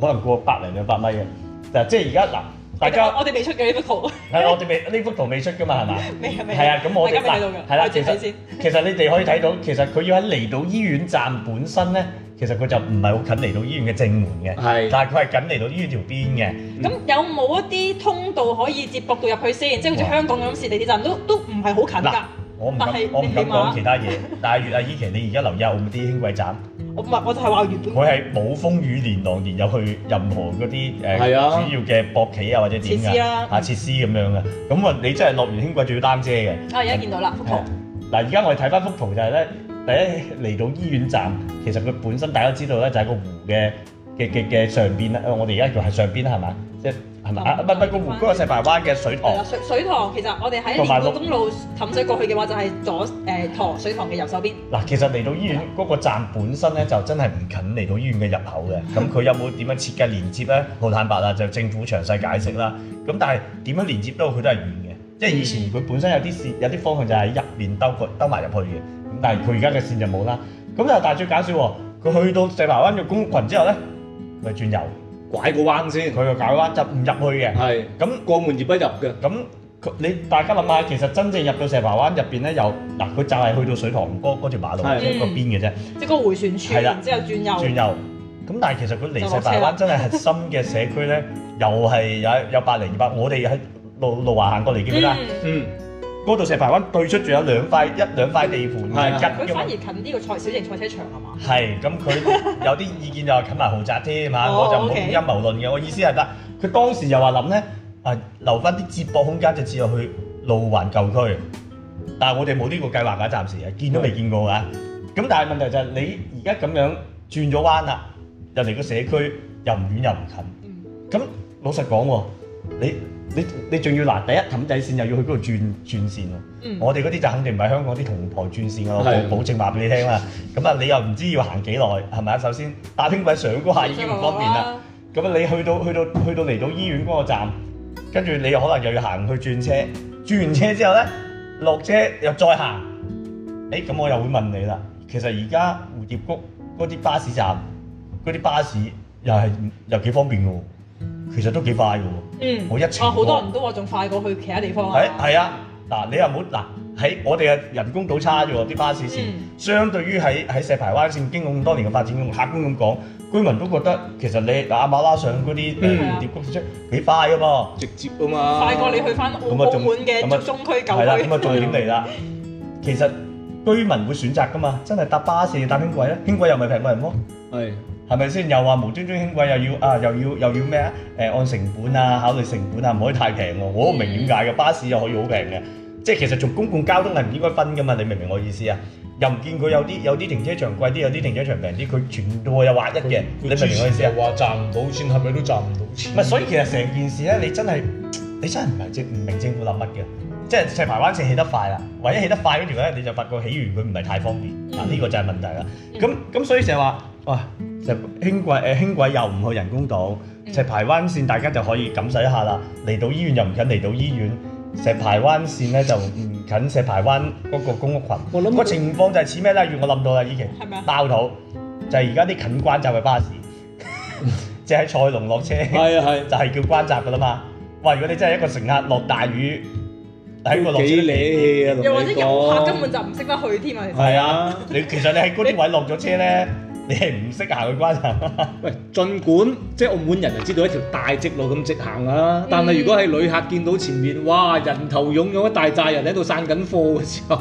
可能過百零兩百米嘅嗱。即係而家嗱，大家我哋未出嘅呢幅圖，係我哋未呢幅圖未出噶嘛，係嘛？未啊，係啊。咁我哋。係啦，其實其實你哋可以睇到，其實佢要喺嚟到醫院站本身咧。其實佢就唔係好近嚟到醫院嘅正門嘅，係，但係佢係近嚟到醫院條邊嘅。咁有冇一啲通道可以接駁到入去先？即係好似香港咁樣，地鐵站都都唔係好近㗎。我唔敢，我唔敢講其他嘢。但係如阿依琪，你而家留意有冇啲輕軌站？我唔係，我就係話原本佢係冇風雨連廊，連入去任何嗰啲誒主要嘅博企啊，或者設施啦啊設施咁樣嘅。咁啊，你真係落完輕軌仲要擔遮嘅。啊，而家見到啦。嗱，而家我哋睇翻幅圖就係咧。第一嚟到醫院站，其實佢本身大家都知道咧，就係個湖嘅嘅嘅嘅上邊啦。我哋而家仲係上邊啦，係咪？即係係咪？啊是，唔係個湖，嗰個石排灣嘅水塘。水，水塘其實我哋喺羅湖公路氹水過去嘅話就，就係左誒陀水塘嘅右手邊。嗱，其實嚟到醫院嗰個站本身咧，就真係唔近嚟到醫院嘅入口嘅。咁佢 [LAUGHS] 有冇點樣設計連接咧？好坦白啦，就政府詳細解釋啦。咁但係點樣連接都佢都係遠嘅，即係以前佢本身有啲線，有啲方向就係入面兜個兜埋入去嘅。但係佢而家嘅線就冇啦。咁啊，但最搞笑喎，佢去到石排灣嘅公屋群之後咧，咪轉右拐個彎先，佢個拐彎就唔入去嘅。係。咁過門而不入嘅。咁你大家諗下，其實真正入到石排灣入邊咧，有嗱，佢就係去到水塘嗰嗰條馬路嗰邊嘅啫，即個迴旋處。係啦，之後轉右。轉右。咁但係其實佢離石排灣真係核心嘅社區咧，又係有有百零二百。我哋喺路路華行過嚟見啦。嗯。嗰度石排灣對出仲有兩塊一兩塊地盤，係近嘅。佢反而近呢個賽小型賽車場係嘛？係咁，佢有啲意見就係近埋豪宅添，係嘛？我就冇陰謀論嘅。我意思係啦，佢當時又話諗咧，啊留翻啲接駁空間就之後去路環舊區，但係我哋冇呢個計劃㗎，暫時啊見都未見過㗎。咁但係問題就係你而家咁樣轉咗彎啦，入嚟個社區又唔遠又唔近，咁老實講喎，你。你你仲要嗱，第一，氹仔線又要去嗰度轉轉線、嗯、我哋嗰啲就肯定唔係香港啲同台轉線、嗯、我保證話俾你聽啦。咁啊，你又唔知要行幾耐，係咪啊？首先打平板上嗰下已經唔方便啦。咁啊，你去到去到去到嚟到醫院嗰個站，跟住你又可能又要行去轉車，轉完車之後咧，落車又再行。誒、欸，咁我又會問你啦。其實而家蝴蝶谷嗰啲巴士站，嗰啲巴士又係又幾方便㗎、啊、喎。其實都幾快嘅喎，我一程好多人都話仲快過去其他地方啊。係啊，嗱你又唔好嗱喺我哋嘅人工倒差啫，啲巴士線相對於喺喺石排灣線經過咁多年嘅發展，客觀咁講，居民都覺得其實你嗱馬拉上嗰啲蝴蝶谷出幾快嘅喎，直接啊嘛，快過你去返澳門嘅中區舊區咁啊。重點嚟啦，其實居民會選擇噶嘛，真係搭巴士搭輕軌咧，輕軌又咪平過人麼？係咪先？又話無端端輕軌又要啊又要又要咩啊？誒、呃、按成本啊，考慮成本啊，唔可以太平喎。我都唔明點解嘅，巴士又可以好平嘅，即係其實做公共交通係唔應該分嘅嘛。你明唔明我意思啊？又唔見佢有啲有啲停車場貴啲，有啲停車場平啲，佢全部有劃一嘅。你明唔明我意思啊？話賺唔到錢係咪都賺唔到錢？唔係，所以其實成件事咧，你真係你真係唔係政唔明政府諗乜嘅，即係石排灣線起得快啦。話一起得快跟住咧，你就發覺起完佢唔係太方便。嗱、嗯，呢、嗯、個就係問題啦。咁咁所以成日話。哇！石輕軌誒輕軌又唔去人工島，石排灣線大家就可以感受一下啦。嚟到醫院又唔近嚟到醫院，石排灣線咧就唔近石排灣嗰個公屋群，我諗個情況就係似咩咧？如我諗到啦，依期爆肚就係而家啲近關閘嘅巴士，即係菜籠落車，就係叫關閘噶啦嘛。喂，如果你真係一個乘客落大雨喺個落車，又或者遊客根本就唔識得去添啊！係啊，你其實你喺嗰啲位落咗車咧。你係唔識行去關閘？ [LAUGHS] 喂，儘管即係澳門人就知道一條大直路咁直行啦、啊，但係如果係旅客見到前面，哇，人頭湧湧一大扎人喺度散緊貨嘅時候，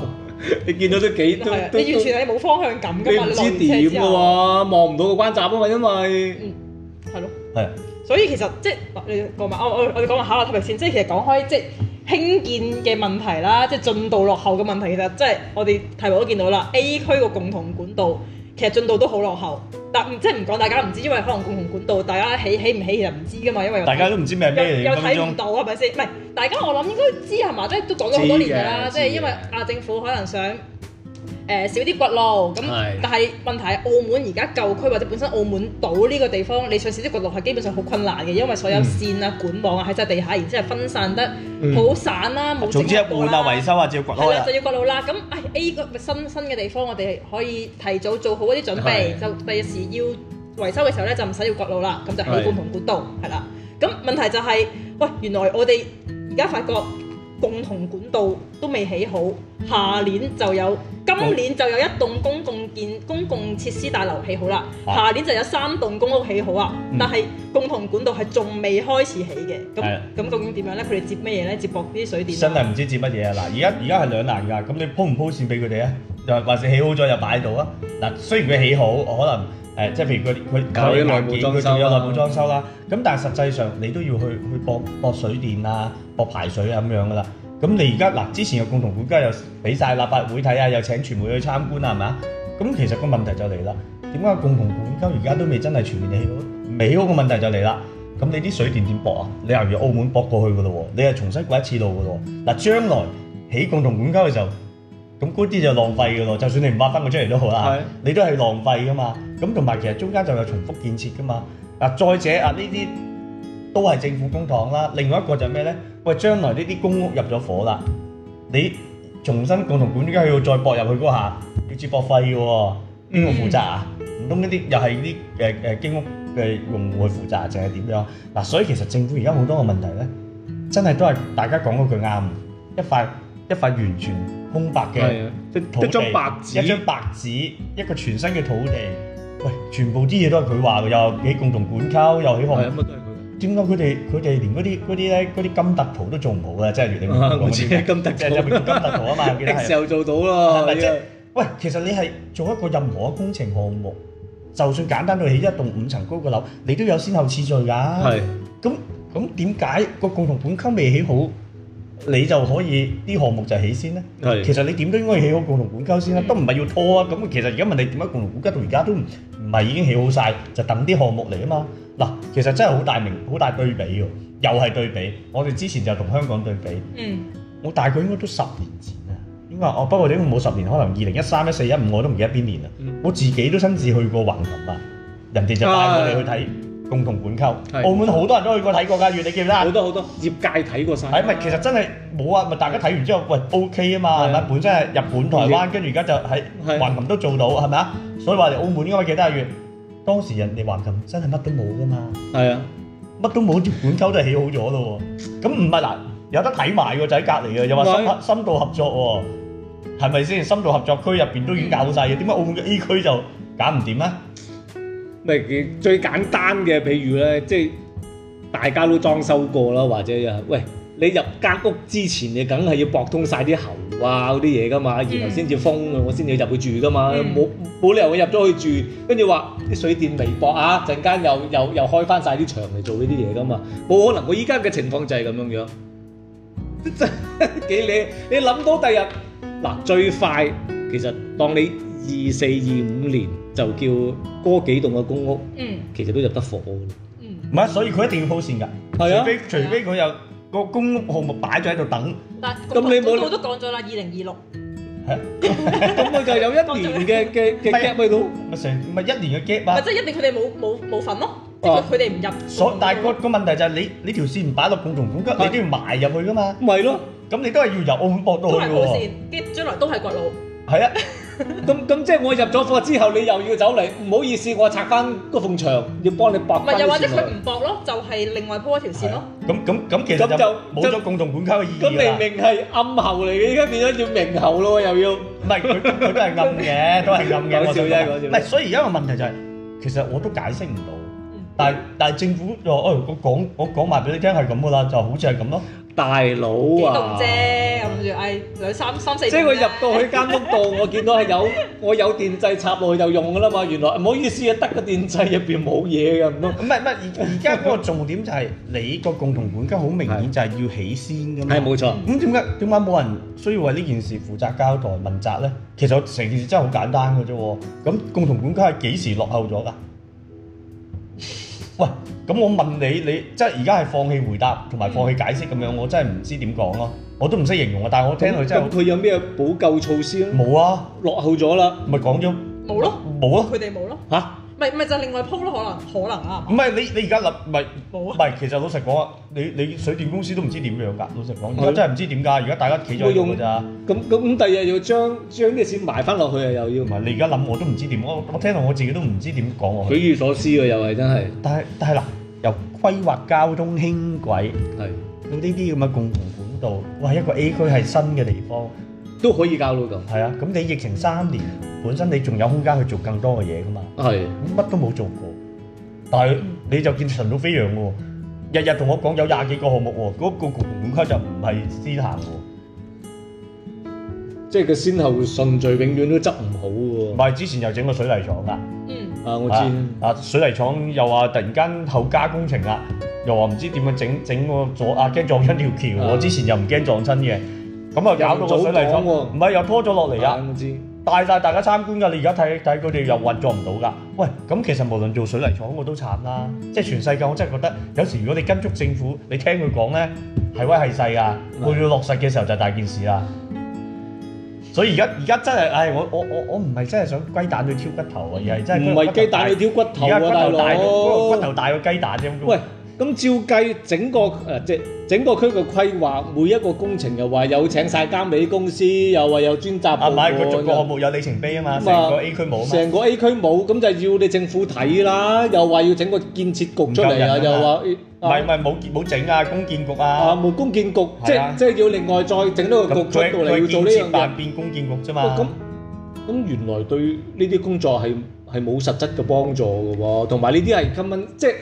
你見到都幾都你完全係冇方向感㗎嘛？你唔知點㗎喎，望唔到個關閘啊嘛，因為嗯，係咯、啊，係、啊。所以其實即係你我我哋講下下一個先。即係其實講開即係興建嘅問題啦，即係進度落後嘅問題。其實即係我哋睇落都見到啦，A 區個共同管道。其實進度都好落後，但即係唔講大家唔知，因為可能共同管道，大家起起唔起又唔知噶嘛，因為大家都唔知咩咩嚟。又睇唔到係咪先？唔係，大家我諗應該知係嘛？即係都講咗好多年啦，即係因為亞政府可能想。誒少啲掘路咁，但係問題係澳門而家舊區或者本身澳門島呢個地方，你想少啲掘路係基本上好困難嘅，因為所有線啊管網啊喺曬地下，然之後分散得好散啦、啊，冇整、嗯。啊、總之係無縫維修啊，要掘路啊，就要掘路啦、啊。係啦，就要掘路啦。咁誒 A 個新新嘅地方，我哋可以提早做好一啲準備，的就第時要維修嘅時候咧，就唔使要掘路啦，咁就起共同管道，係啦的。咁問題就係、是，喂，原來我哋而家發覺。共同管道都未起好，下年就有，今年就有一棟公共建公共設施大樓起好啦，下、啊、年就有三棟公屋起好啊，嗯、但係共同管道係仲未開始起嘅，咁咁、嗯、究竟點樣呢？佢哋接咩嘢呢？接駁啲水電？真係唔知接乜嘢啊！嗱，而家而家係兩難㗎，咁你鋪唔鋪線俾佢哋啊？又還是起好咗就擺到啊？嗱，雖然佢起好，可能。誒，即係譬如佢佢佢佢仲有內部裝修啦，咁但係實際上你都要去去博博水電啊，博排水啊咁樣噶啦。咁你而家嗱，之前有共同管道又俾晒立法會睇啊，又請傳媒去參觀啦，係咪啊？咁其實個問題就嚟啦，點解共同管道而家都未真係全面起好？未起好個問題就嚟啦。咁你啲水電點博啊？你例如澳門博過去噶咯喎，你係重新過一次路噶咯喎。嗱，將來起共同管道嘅時候。咁嗰啲就浪費噶咯，就算你唔挖翻佢出嚟都好啦，你都係浪費噶嘛。咁同埋其實中間就有重複建設噶嘛。嗱，再者啊，呢啲都係政府公帑啦。另外一個就係咩咧？喂，將來呢啲公屋入咗伙啦，你重新共同管道要再駁入去嗰下，要接駁費嘅喎，邊個要負責啊。唔通呢啲又係啲誒誒經屋嘅用戶負責定係點樣？嗱，所以其實政府而家好多個問題咧，真係都係大家講嗰句啱，一塊。一塊完全空白嘅土地，一張白紙，一張白紙，一個全新嘅土地。喂，全部啲嘢都係佢話嘅，又起共同管溝，又起項目，點解佢哋佢哋連嗰啲啲咧啲金特圖都做唔好咧？真係越嚟越唔似金特圖啊嘛！的士又做到咯，係咪先？喂，其實你係做一個任何工程項目，就算簡單到起一棟五層高嘅樓，你都有先後次序㗎。係咁咁點解個共同管溝未起好？你就可以啲項目就先起先啦，的其實你點都應該要起好共同管道先啦、啊，嗯、都唔係要拖啊。咁其實而家問你點解共同管道到而家都唔唔係已經起好晒，就等啲項目嚟啊嘛？嗱，其實真係好大明，好大對比喎、啊，又係對比。我哋之前就同香港對比，嗯、我大概佢應該都十年前啦，因為哦、啊、不過你冇十年？可能二零一三、一四、一五我都唔記得邊年啦。嗯、我自己都親自去過橫琴啊，人哋就帶我哋去睇、哎。共同管溝，澳門好多人都去過睇過㗎，月你記唔記得？好多好多業界睇過曬。誒唔係，其實真係冇啊，咪大家睇完之後喂，OK 啊嘛，係咪？本身係日本、台灣，跟住而家就喺橫琴都做到，係咪啊？所以話嚟澳門應該記得阿月。當時人哋橫琴真係乜都冇㗎嘛。係啊，乜都冇，條管溝都起好咗咯喎。咁唔係嗱，有得睇埋喎，就喺隔離嘅，又話深深度合作喎，係咪先？深度合作區入邊都已經搞好曬嘅，點解澳門嘅 A 區就搞唔掂啊？最簡單嘅，譬如呢，即大家都裝修過啦，或者喂，你入間屋之前，你梗係要駁通晒啲喉啊嗰啲嘢噶嘛，然後先至封，嗯、我先至入去住噶嘛，冇冇、嗯、理由我入咗去住，跟住話啲水電未駁啊，陣間又又又開翻晒啲牆嚟做呢啲嘢噶嘛，冇可能，我依家嘅情況就係咁樣樣。真係幾你你諗到第日嗱，最快其實當你二四二五年。就叫嗰幾棟嘅公屋，其實都入得火嘅，唔係，所以佢一定要鋪線㗎，除非除非佢有個公屋項目擺咗喺度等。但咁，我我都講咗啦，二零二六。係，咁佢就有一年嘅嘅嘅 gap 喺度，咪成咪一年嘅 gap。咪即係一定佢哋冇冇冇份咯，即係佢哋唔入。所但個個問題就係你你條線唔擺落共同管，你都要埋入去㗎嘛。咪咯，咁你都係要由澳門駁到㗎喎。啲將來都係掘路。係啊。咁咁即係我入咗貨之後，你又要走嚟。唔好意思，我拆翻嗰埲牆，要幫你駁翻。唔係，又或者佢唔駁咯，就係另外鋪一條線咯。咁咁咁其實咁就冇咗共同管道嘅意義啦。咁明明係暗喉嚟嘅，而家變咗叫明喉咯，又要唔係佢佢都係暗嘅，都係暗嘅。好笑啫，好笑。唔係，所以而家個問題就係，其實我都解釋唔到。但係但係政府就，哦，我講我講埋俾你聽係咁噶啦，就好似係咁咯。大佬啊，凍啫咁住，唉兩三三四，即係我入到佢間屋度，我見到係有我有電掣插落去就用㗎啦嘛。原來唔好意思啊，得個電掣入邊冇嘢㗎咁咯。唔係唔係，而而家嗰個重點就係你個共同管道好明顯就係要起先㗎嘛。係冇錯。咁點解點解冇人需要為呢件事負責交代問責咧？其實成件事真係好簡單㗎啫喎。咁共同管道係幾時落後咗㗎？喂，咁我問你，你即係而家係放棄回答同埋放棄解釋咁樣？嗯，我真係唔知點講咯，我都唔識形容啊。但係我聽佢真係，咁佢那有咩補救措施咧？冇啊，落後咗啦，咪講咗。冇咯了，冇啊了，佢哋冇咯。嚇！咪咪就另外鋪咯，可能可能啊！唔係你你而家諗咪冇啊？唔係，其實老實講啊，你你水電公司都唔知點樣㗎。老實講，而家真係唔知點㗎。而家大家企喺嗰度咋？咁咁咁，第日要將將啲錢埋翻落去啊，又要唔係？你而家諗我都唔知點，我我聽到我自己都唔知點講喎。匪夷所思啊，又係真係。但係但係嗱，由規劃交通輕軌係咁，呢啲咁嘅共同管道，哇！一個 A 區係新嘅地方。都可以教到咁。係啊，咁你疫情三年，本身你仲有空間去做更多嘅嘢噶嘛？係。乜都冇做過，但係你就見神都飛揚喎！日日同我講有廿幾個項目喎，嗰個門檻就唔係私行喎。即係佢先後順序永遠都執唔好喎。唔係，之前又整個水泥廠㗎。嗯。啊，我知。啊，水泥廠又話突然間後加工程啦，又話唔知點樣整，整個撞啊驚撞親條橋。我之前又唔驚撞親嘅。咁啊搞到個水泥廠喎，唔係又，又拖咗落嚟啊，帶曬子大，大，大家參觀噶，你而家睇睇佢哋又運作唔到噶。喂，咁其實無論做水泥廠我都慘啦，嗯、即係全世界我真係覺得有時如果你跟足政府，你聽佢講咧係威係勢噶，佢要落實嘅時候就大件事啦。是所以而家而家真係，唉、哎，我我我我唔係真係想雞蛋去挑骨頭啊，而係真係唔係雞蛋去挑骨頭啊，而家，骨頭大，大哥個骨頭大雞蛋點做？喂咁照計，整個誒即係整個區嘅規劃，每一個工程又話有請曬監理公司，又話有專責部門。啊，唔係佢每個項目有里程碑啊嘛，成個 A 區冇，成個 A 區冇，咁就係要你政府睇啦。又話要整個建設局出嚟啊，又話唔係唔係冇冇整啊，公建局啊。啊，冇公建局，即係即係要另外再整多個局出到嚟要做呢樣嘢。百變公建局啫嘛。咁咁原來對呢啲工作係係冇實質嘅幫助嘅喎，同埋呢啲係今日即係。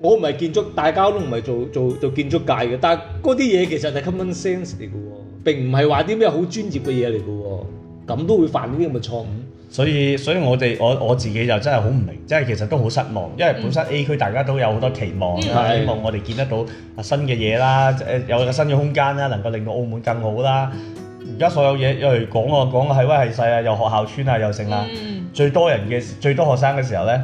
我唔係建築，大家都唔係做做做建築界嘅，但係嗰啲嘢其實係 common sense 嚟嘅喎，並唔係話啲咩好專業嘅嘢嚟嘅喎，咁都會犯呢啲咁嘅錯誤。所以，所以我哋我我自己就真係好唔明，即係其實都好失望，因為本身 A 區大家都有好多期望、嗯、希望我哋見得到新嘅嘢啦，誒有個新嘅空間啦，能夠令到澳門更好啦。而家所有嘢一嚟講啊，講氣威係勢啊，又學校村啊，又剩啦，最多人嘅最多學生嘅時候咧，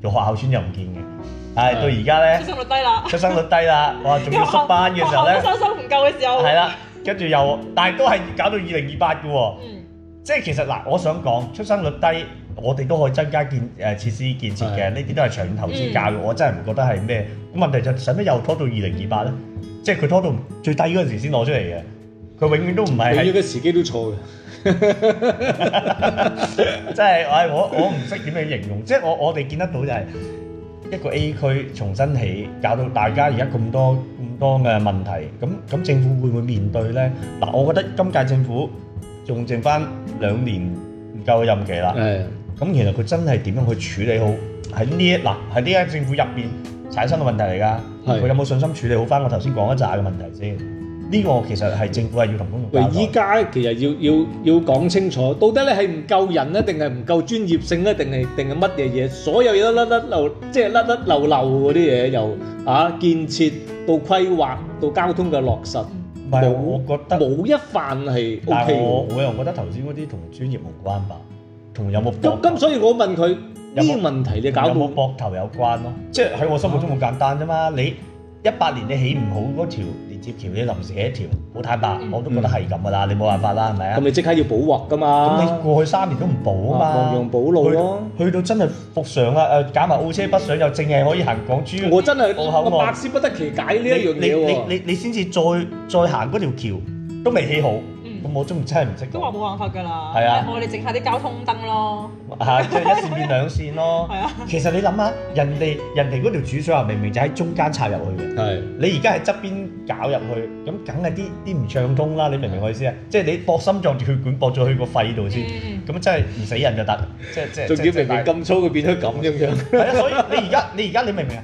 有學校村又唔見嘅。係到而家咧，出生率低啦，出生率低啦，哇，仲要縮班嘅時候咧，學生收唔夠嘅時候，係啦，跟住又，但係都係搞到二零二八嘅喎，嗯、即係其實嗱，我想講，出生率低，我哋都可以增加建誒設施建設嘅，呢啲的都係長遠投資教育，嗯、我真係唔覺得係咩，咁問題就使、是、乜又拖到二零二八咧？嗯、即係佢拖到最低嗰陣時先攞出嚟嘅，佢永遠都唔係，喺呢個時機都錯嘅， [LAUGHS] [LAUGHS] 即係，唉，我我唔識點樣形容，即係我我哋見得到就係、是。一個 A 區重新起，搞到大家而家咁多咁多嘅問題，咁咁政府會唔會面對呢？嗱，我覺得今屆政府仲剩翻兩年唔夠嘅任期啦。咁其實佢真係點樣去處理好喺呢一嗱喺呢間政府入邊產生嘅問題嚟㗎？佢是的 有冇信心處理好翻我頭先講一紮嘅問題先？呢個其實係政府係要同工人，依家其實要要要講清楚，到底咧係唔夠人咧，定係唔夠專業性咧，定係定係乜嘢嘢？所有嘢都甩甩漏，即係甩甩漏漏嗰啲嘢，由啊建設到規劃到交通嘅落實，唔係我覺得冇一範係 OK。但係我我又覺得頭先嗰啲同專業無關吧，同有冇膊咁咁，所以我問佢呢問題你搞到有冇膊頭有關咯？即係喺我心目中好簡單啫嘛，你一八年你起唔好嗰條。接橋嗰啲臨時一條，好坦白，我都覺得係咁噶啦，嗯、你冇辦法啦，係咪啊？咁你即刻要補鑊噶嘛？咁你過去三年都唔補嘛？亡羊補牢去到真係復、呃、常啊！誒，加埋澳車北、嗯、上，又淨係可以行港珠。我真係我，我，我百思不得其解呢一樣你你你先至再再行嗰條橋，都未起好。嗯。咁我真真係唔識，都話冇辦法㗎啦。係啊，我哋整下啲交通燈咯。啊，即係一線變兩線咯。係 [LAUGHS] 啊，其實你諗下，人哋人哋嗰條主水喉啊，明明就喺中間插入去嘅。係，你而家喺側邊搞入去，咁梗係啲啲唔暢通啦。你明唔明我意思啊？即係你搏心臟血管搏咗去個肺度先，咁真係唔死人就得。即即仲要明明咁粗，佢變咗咁樣樣。係啊， [LAUGHS] 所以你而家你而家你明唔明啊？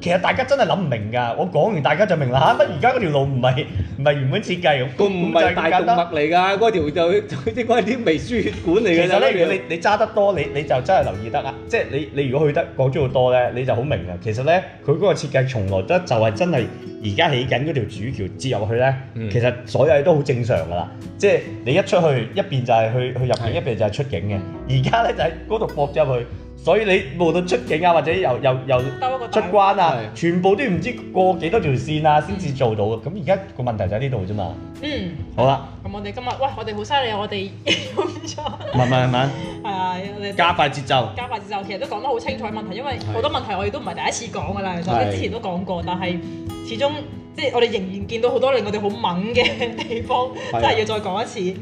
其實大家真係諗唔明㗎，我講完大家就明啦嚇。乜而家嗰條路唔係唔係原本設計咁？唔係 [LAUGHS] 大動脈嚟㗎，嗰條就應係啲微輸血管嚟嘅。其實咧呢，如果你你揸得多，你你就真係留意得啦。即係你你如果去得港珠澳多咧，你就好明㗎。其實咧，佢嗰個設計從來都就係真係而家起緊嗰條主橋接入去咧，嗯、其實所有嘢都好正常㗎啦。即係你一出去，一邊就係去去入境，是的 一邊就係出境嘅。而家咧就喺嗰度駁咗入去。所以你冇到出境啊，或者又兜一個出關啊，的全部都唔知過幾多條線啊，先至做到嘅。咁而家個問題就喺呢度啫嘛。嗯，好、嗯、啦，咁我哋今日喂，我哋好犀利啊！我哋唔錯，慢慢慢，係、嗯、啊，我哋加快節奏，加快節奏。其實都講得好清楚問題，因為好多問題我哋都唔係第一次講噶啦，其實的之前都講過，但係始終即係、就是、我哋仍然見到好多令我哋好猛嘅地方，真係要再講一次。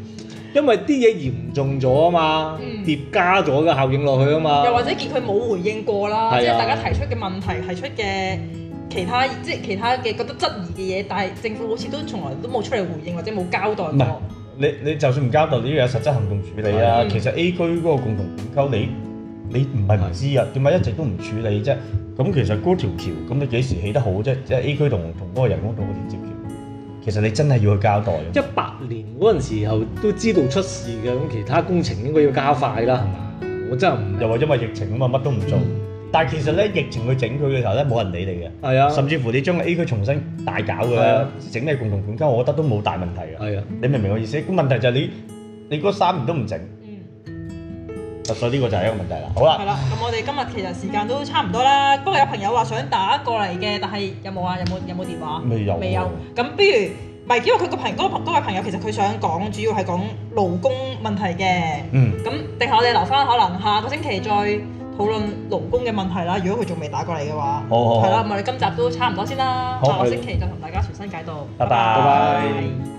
因為啲嘢嚴重咗啊嘛，疊、嗯、加咗嘅效應落去啊嘛，又或者見佢冇回應過啦，即係、啊、大家提出嘅問題，提出嘅其他即係其他嘅覺得質疑嘅嘢，但係政府好似都從來都冇出嚟回應或者冇交代過。嗯、你你就算唔交代，你都有實質行動處理啊。嗯、其實 A 區嗰個共同溝，你你唔係唔知啊，點解一直都唔處理啫？咁其實嗰條橋，咁你幾時起得好啫？即、就、係、是、A 區同同嗰個人工島嘅連接橋。其實你真係要去交代。一八年嗰陣時候都知道出事嘅，咁其他工程應該要加快啦、嗯、係嘛。我真係唔。又話因為疫情啊嘛，乜都唔做。嗯、但係其實咧，疫情去整佢嘅時候咧，冇人理你嘅。係啊。甚至乎你將 A 區重新大搞嘅咧，啊、整咩共同管道，我覺得都冇大問題嘅。係啊。你明唔明我意思？咁問題就係你，你嗰三年都唔整，呢個就係一個問題啦。好啦，係啦，咁我哋今日其實時間都差唔多啦。不過有朋友話想打過嚟嘅，但係有冇啊？有冇有冇電話？未有，未有,有,有。咁不如唔係，因為佢個朋嗰個嗰位朋友其實佢想講，主要係講勞工問題嘅。嗯。咁，定係我哋留翻，可能下個星期再討論勞工嘅問題啦。如果佢仲未打過嚟嘅話，好好。係啦，咁我哋今集都差唔多先啦。下個好星期就同大家傳新解毒。好拜拜。拜拜拜拜